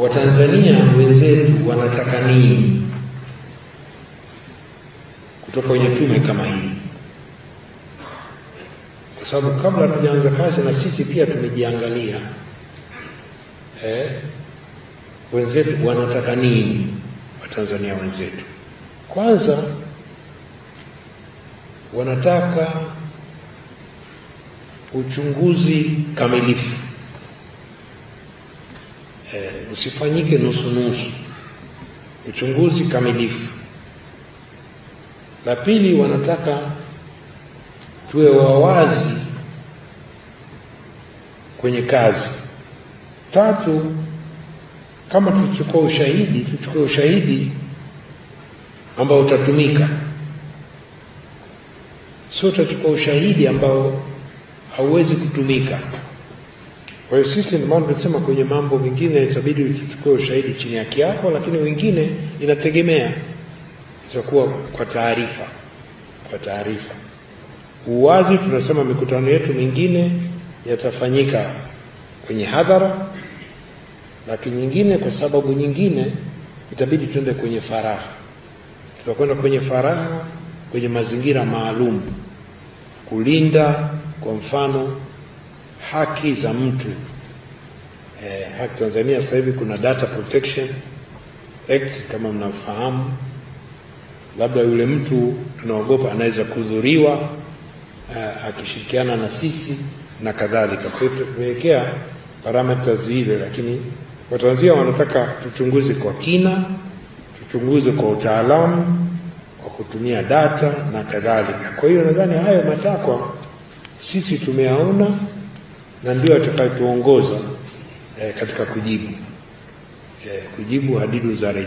Watanzania wenzetu wanataka nini kutoka kwenye tume kama hii? Kwa sababu kabla tujaanza kazi na sisi pia tumejiangalia eh, wenzetu wanataka nini? Watanzania wenzetu kwanza wanataka uchunguzi kamilifu eh, usifanyike nusu nusu, uchunguzi kamilifu. La pili, wanataka tuwe wawazi kwenye kazi. Tatu, kama tuchukua ushahidi, tuchukue ushahidi ambao utatumika, sio tutachukua ushahidi ambao hauwezi kutumika. Kwa hiyo sisi ndio maana tunasema kwenye mambo mengine itabidi uchukue ushahidi chini ya kiapo, lakini wengine inategemea, itakuwa kwa taarifa. Kwa taarifa uwazi, tunasema mikutano yetu mingine yatafanyika kwenye hadhara, lakini nyingine, kwa sababu nyingine, itabidi tuende kwenye faraha Tutakwenda kwenye faraha kwenye mazingira maalum, kulinda kwa mfano haki za mtu eh, haki Tanzania sasa hivi kuna Data Protection Act kama mnafahamu, labda yule mtu tunaogopa anaweza kudhuriwa eh, akishirikiana na sisi na kadhalika. Kwa hiyo tumewekea parameters zile, lakini Watanzania wanataka tuchunguze kwa kina, tuchunguze kwa utaalamu wa kutumia data na kadhalika. Kwa hiyo nadhani hayo matakwa sisi tumeyaona na ndio atakayetuongoza eh, katika kujibu eh, kujibu hadidu za